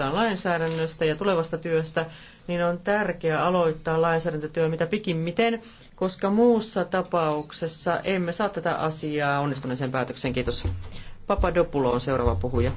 lainsäädännöstä ja tulevasta työstä, niin on tärkeää aloittaa lainsäädäntötyö mitä pikimmiten, koska muussa tapauksessa emme saa tätä asiaa onnistuneeseen päätökseen. Kiitos. Papadopulo on seuraava puhuja.